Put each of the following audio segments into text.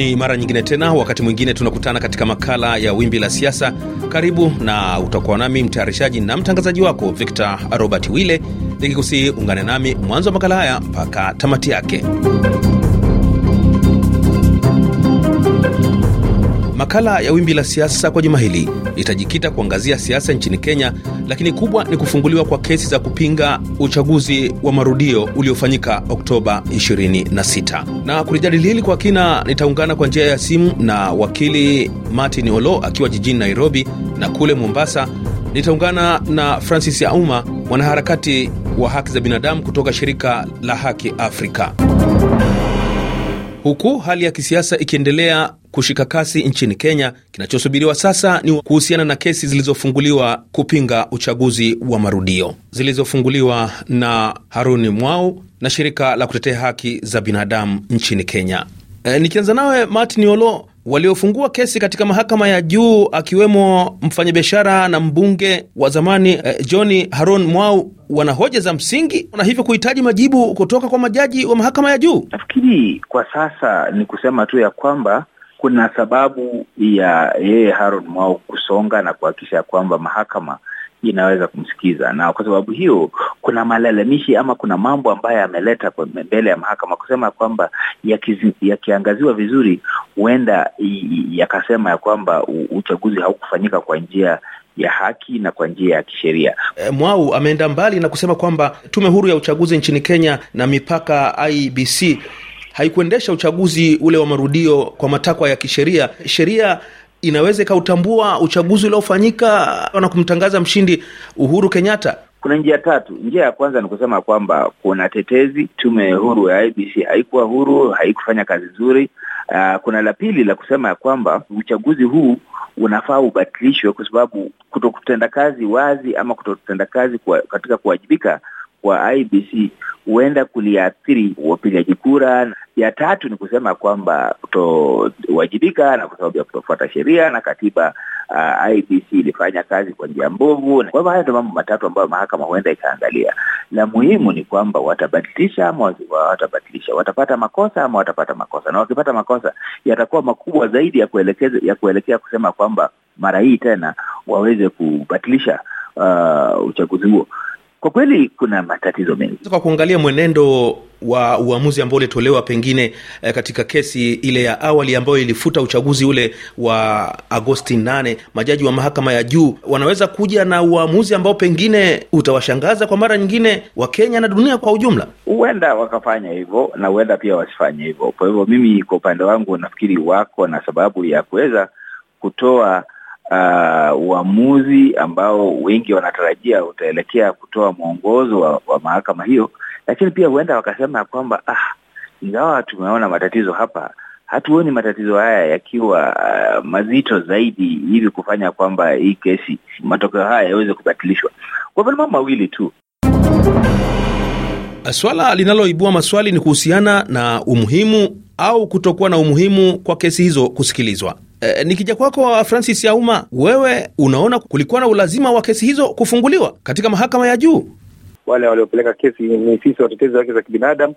ni mara nyingine tena, wakati mwingine tunakutana katika makala ya Wimbi la Siasa. Karibu na utakuwa nami mtayarishaji na mtangazaji wako Victor Robert Wille, nikikusiungane ungane nami mwanzo wa makala haya mpaka tamati yake. Makala ya Wimbi la Siasa kwa juma hili itajikita kuangazia siasa nchini Kenya lakini kubwa ni kufunguliwa kwa kesi za kupinga uchaguzi wa marudio uliofanyika Oktoba 26. Na kulijadili hili kwa kina, nitaungana kwa njia ya simu na wakili Martin Olo akiwa jijini Nairobi, na kule Mombasa nitaungana na Francis Auma, mwanaharakati wa haki za binadamu kutoka shirika la Haki Afrika. Huku hali ya kisiasa ikiendelea kushika kasi nchini Kenya. Kinachosubiriwa sasa ni kuhusiana na kesi zilizofunguliwa kupinga uchaguzi wa marudio zilizofunguliwa na Haruni Mwau na shirika la kutetea haki za binadamu nchini Kenya. E, nikianza nawe Martin Olo, waliofungua kesi katika mahakama ya juu akiwemo mfanyabiashara na mbunge wa zamani eh, Johni Haron Mwau wana hoja za msingi na hivyo kuhitaji majibu kutoka kwa majaji wa mahakama ya juu. Nafikiri kwa sasa ni kusema tu ya kwamba kuna sababu ya yeye Harold Mwau kusonga na kuhakikisha kwamba mahakama inaweza kumsikiza, na kwa sababu hiyo kuna malalamishi ama kuna mambo ambayo yameleta mbele ya mahakama kusema kwamba yakiangaziwa ya vizuri, huenda yakasema ya kwamba uchaguzi haukufanyika kwa njia ya haki na kwa njia ya kisheria. E, Mwau ameenda mbali na kusema kwamba tume huru ya uchaguzi nchini Kenya na mipaka IBC haikuendesha uchaguzi ule wa marudio kwa matakwa ya kisheria. Sheria inaweza ikautambua uchaguzi uliofanyika na kumtangaza mshindi Uhuru Kenyatta. Kuna njia tatu. Njia ya kwanza ni kusema kwamba kuna tetezi, tume huru ya IBC haikuwa huru, haikufanya kazi nzuri. Uh, kuna la pili la kusema ya kwamba uchaguzi huu unafaa ubatilishwe kwa sababu kutokutenda kazi wazi ama kutokutenda kazi kwa, katika kuwajibika kwa IBC huenda kuliathiri wapigaji kura. Ya tatu ni kusema kwamba kutowajibika na kwa sababu ya kutofuata sheria na katiba. Uh, IBC ilifanya kazi kwa njia mbovu. Kwa hivyo haya ndio mambo matatu ambayo mahakama huenda ikaangalia. La muhimu ni kwamba watabadilisha ama watabadilisha, watapata makosa ama watapata makosa, na wakipata makosa yatakuwa makubwa zaidi ya kuelekeza, ya kuelekea kusema kwamba mara hii tena waweze kubatilisha uh, uchaguzi huo. Kwa kweli kuna matatizo mengi kwa kuangalia mwenendo wa uamuzi ambao ulitolewa pengine eh, katika kesi ile ya awali ambayo ilifuta uchaguzi ule wa Agosti 8. Majaji wa mahakama ya juu wanaweza kuja na uamuzi ambao pengine utawashangaza kwa mara nyingine wa kenya na dunia kwa ujumla. Huenda wakafanya hivyo na huenda pia wasifanye hivyo. Kwa hivyo mimi kwa upande wangu nafikiri wako na sababu ya kuweza kutoa Uh, uamuzi ambao wengi wanatarajia utaelekea kutoa mwongozo wa, wa mahakama hiyo, lakini pia huenda wakasema ya kwamba ah, ingawa tumeona matatizo hapa, hatuoni matatizo haya yakiwa uh, mazito zaidi hivi kufanya kwamba hii kesi, matokeo haya yaweze kubatilishwa. Kwa hivyo ni mambo mawili tu. Swala linaloibua maswali ni kuhusiana na umuhimu au kutokuwa na umuhimu kwa kesi hizo kusikilizwa. E, nikija kwako kwa Francis Yauma, wewe unaona kulikuwa na ulazima wa kesi hizo kufunguliwa katika mahakama ya juu? Wale waliopeleka kesi ni sisi watetezi wa haki za kibinadamu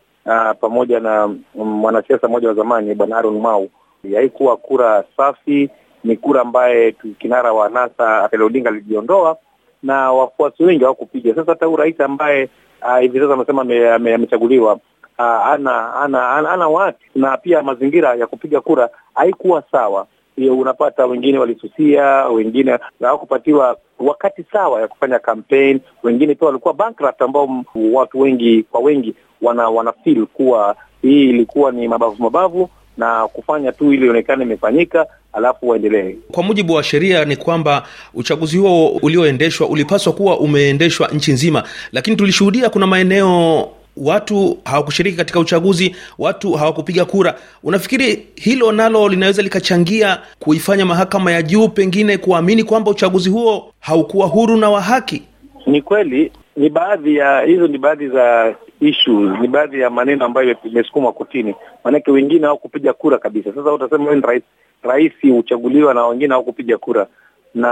pamoja na mwanasiasa mmoja wa zamani Bwana Aaron Mau. Haikuwa kura safi, ni kura ambaye kinara wa NASA Raila Odinga alijiondoa na wafuasi wengi hawakupiga. Sasa hata huu rais ambaye ah, hivi sasa amesema amechaguliwa ah, ana ana ana watu na pia mazingira ya kupiga kura haikuwa sawa unapata wengine walisusia, wengine hawakupatiwa wakati sawa ya kufanya kampeni, wengine pia walikuwa bankrupt, ambao watu wengi kwa wengi wana, wana kuwa hii ilikuwa ni mabavu mabavu na kufanya tu ili ionekane imefanyika, alafu waendelee. Kwa mujibu wa sheria ni kwamba uchaguzi huo ulioendeshwa ulipaswa kuwa umeendeshwa nchi nzima, lakini tulishuhudia kuna maeneo watu hawakushiriki katika uchaguzi, watu hawakupiga kura. Unafikiri hilo nalo linaweza likachangia kuifanya mahakama ya juu pengine kuamini kwamba uchaguzi huo haukuwa huru na wa haki? Ni kweli, ni baadhi ya hizo, ni baadhi za issues, ni baadhi ya maneno ambayo imesukumwa kotini, maanake wengine hawakupiga kura kabisa. Sasa utasema rahisi ni rais, huchaguliwa na wengine hawakupiga kura na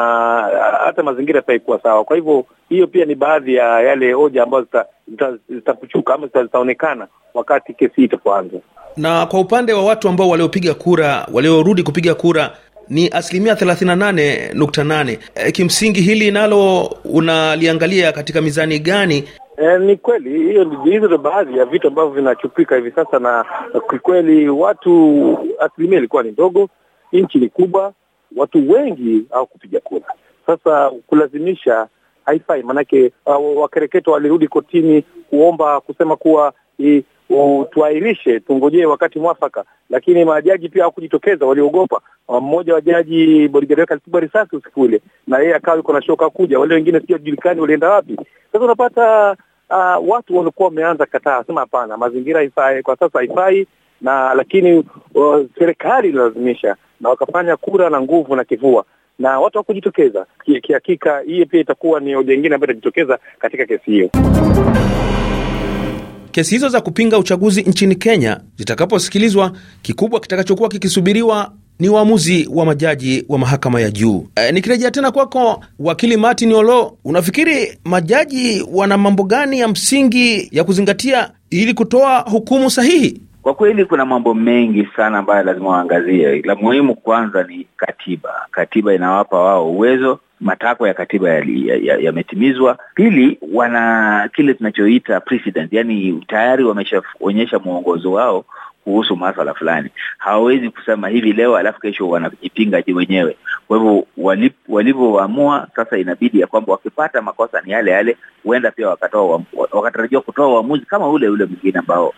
hata mazingira yataikuwa sawa. Kwa hivyo hiyo pia ni baadhi ya yale hoja ambazo zitapuchuka ama zitaonekana wakati kesi hii itapoanza. Na kwa upande wa watu ambao waliopiga kura, waliorudi kupiga kura ni asilimia thelathini na nane nukta nane. E, kimsingi hili nalo unaliangalia katika mizani gani? E, ni kweli hiyo, hizo ndo baadhi ya vitu ambavyo vinachupika hivi sasa, na kikweli watu asilimia ilikuwa ni ndogo, nchi ni kubwa watu wengi au kupiga kura. Sasa kulazimisha haifai, maanake uh, wakereketo walirudi kotini kuomba kusema kuwa i, uh, tuahirishe tungojee wakati mwafaka, lakini majaji pia hawakujitokeza, waliogopa. Uh, mmoja wa jaji Boligari alipigwa risasi usiku ule, na yeye akawa yuko na shoka kuja, wale wengine sijui wajulikani walienda wapi. Sasa unapata uh, watu walikuwa wameanza kataa, asema hapana, mazingira haifai kwa sasa, haifai na lakini uh, serikali inalazimisha na wakafanya kura na nguvu na kivua na watu wakujitokeza kihakika. Hii pia itakuwa ni hoja ingine ambayo itajitokeza katika kesi hiyo. Kesi hizo za kupinga uchaguzi nchini Kenya zitakaposikilizwa, kikubwa kitakachokuwa kikisubiriwa ni uamuzi wa majaji wa mahakama ya juu. E, nikirejea tena kwako wakili Martin Olo, unafikiri majaji wana mambo gani ya msingi ya kuzingatia ili kutoa hukumu sahihi? Kwa kweli kuna mambo mengi sana ambayo lazima waangazie. La muhimu kwanza ni katiba. Katiba inawapa wao uwezo, matakwa ya katiba yametimizwa. Ya, ya pili, wana kile tunachoita precedent, yani tayari wameshaonyesha mwongozo wao kuhusu maswala fulani. Hawawezi kusema hivi leo alafu kesho wanajipingaji wenyewe. Kwa hivyo walivyoamua sasa, inabidi ya kwamba wakipata makosa ni yale yale, huenda pia wakatoa wakatarajiwa kutoa uamuzi kama ule ule mwingine ambao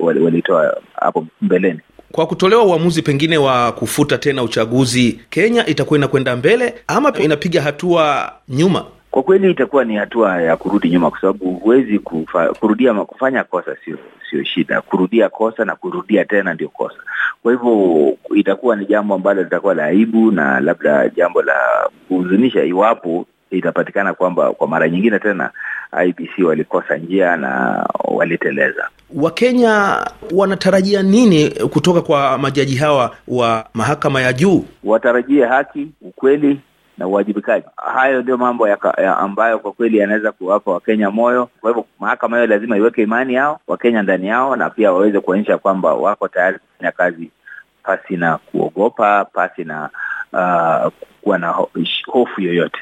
walitoa hapo mbeleni. Kwa kutolewa uamuzi pengine wa kufuta tena uchaguzi, Kenya itakuwa inakwenda mbele ama inapiga hatua nyuma? Kwa kweli itakuwa ni hatua ya kurudi nyuma, kwa sababu huwezi kurudia. Kufanya kosa sio sio shida, kurudia kosa na kurudia tena ndio kosa. Kwa hivyo itakuwa ni jambo ambalo litakuwa la aibu na labda jambo la kuhuzunisha, iwapo itapatikana kwamba kwa mara nyingine tena IBC walikosa njia na waliteleza. Wakenya wanatarajia nini kutoka kwa majaji hawa wa mahakama ya juu? Watarajie haki, ukweli na uwajibikaji. Hayo ndio mambo ya ya ambayo kwa kweli yanaweza kuwapa Wakenya moyo. Kwa hivyo mahakama hiyo lazima iweke imani yao Wakenya ndani yao, na pia waweze kuonyesha kwamba wako tayari kufanya kazi pasi na kuogopa, pasi na uh, kuwa na hofu yoyote.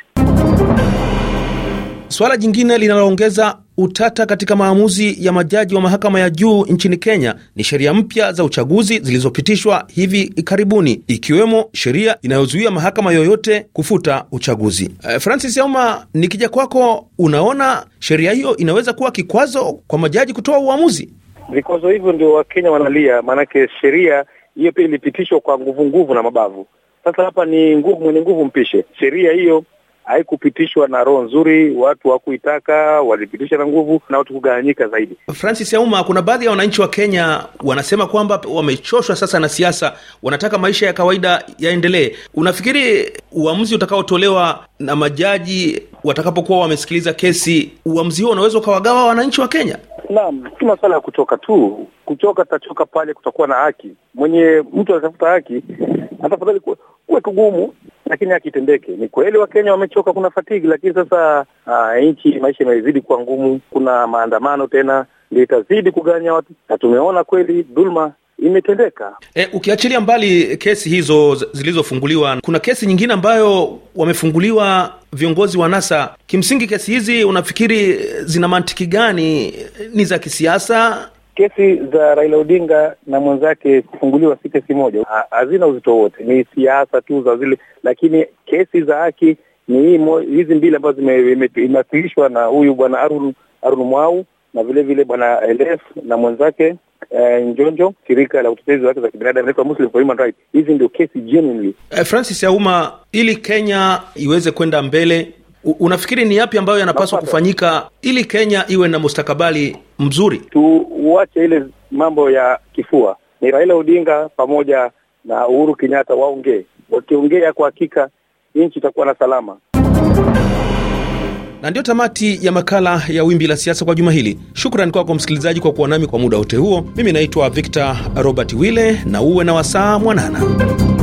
Suala jingine linaloongeza utata katika maamuzi ya majaji wa mahakama ya juu nchini Kenya ni sheria mpya za uchaguzi zilizopitishwa hivi karibuni, ikiwemo sheria inayozuia mahakama yoyote kufuta uchaguzi. Eh, Francis Auma, nikija kwako, unaona sheria hiyo inaweza kuwa kikwazo kwa majaji kutoa uamuzi? Vikwazo hivyo ndio Wakenya wanalia, maanake sheria hiyo pia ilipitishwa kwa nguvu nguvu na mabavu. Sasa hapa ni nguvu, mwenye nguvu mpishe. Sheria hiyo haikupitishwa na roho nzuri, watu hawakuitaka, walipitisha na nguvu na watu kugawanyika zaidi. Francis Auma, kuna baadhi ya wananchi wa Kenya wanasema kwamba wamechoshwa sasa na siasa, wanataka maisha ya kawaida yaendelee. Unafikiri uamuzi utakaotolewa na majaji watakapokuwa wamesikiliza kesi, uamuzi huo unaweza ukawagawa wananchi wa Kenya? Naam, si masuala ya kuchoka tu, kuchoka tachoka pale, kutakuwa na haki. Mwenye mtu anatafuta haki atafadhali kuwe kugumu lakini hakitendeke. Ni kweli Wakenya wamechoka, kuna fatigi, lakini sasa uh, nchi maisha imezidi kuwa ngumu. Kuna maandamano tena ndio itazidi kuganya watu, na tumeona kweli dhulma imetendeka. E, ukiachilia mbali kesi hizo zilizofunguliwa, kuna kesi nyingine ambayo wamefunguliwa viongozi wa NASA. Kimsingi, kesi hizi unafikiri eh, zina mantiki gani? Eh, ni za kisiasa Kesi za Raila Odinga na mwenzake kufunguliwa si kesi moja, hazina uzito wote, ni siasa tu za zile, lakini kesi za haki ni hizi mbili ambazo imewakilishwa na huyu bwana Arun, Arun Mwau na vile vile bwana Elef na mwenzake eh, Njonjo, shirika la utetezi wa za kibinadamu inaitwa Muslim for Human Rights. Hizi ndio kesi genuinely. Eh, Francis Auma, ili Kenya iweze kwenda mbele, Unafikiri ni yapi ambayo yanapaswa kufanyika ili Kenya iwe na mustakabali mzuri? Tuwache ile mambo ya kifua, ni Raila Odinga pamoja na Uhuru Kenyatta waongee. Wakiongea kwa hakika, nchi itakuwa na salama. Na ndiyo tamati ya makala ya Wimbi la Siasa kwa juma hili. Shukran kwako msikilizaji kwa kuwa nami kwa muda wote huo. Mimi naitwa Victor Robert wille na uwe na wasaa mwanana.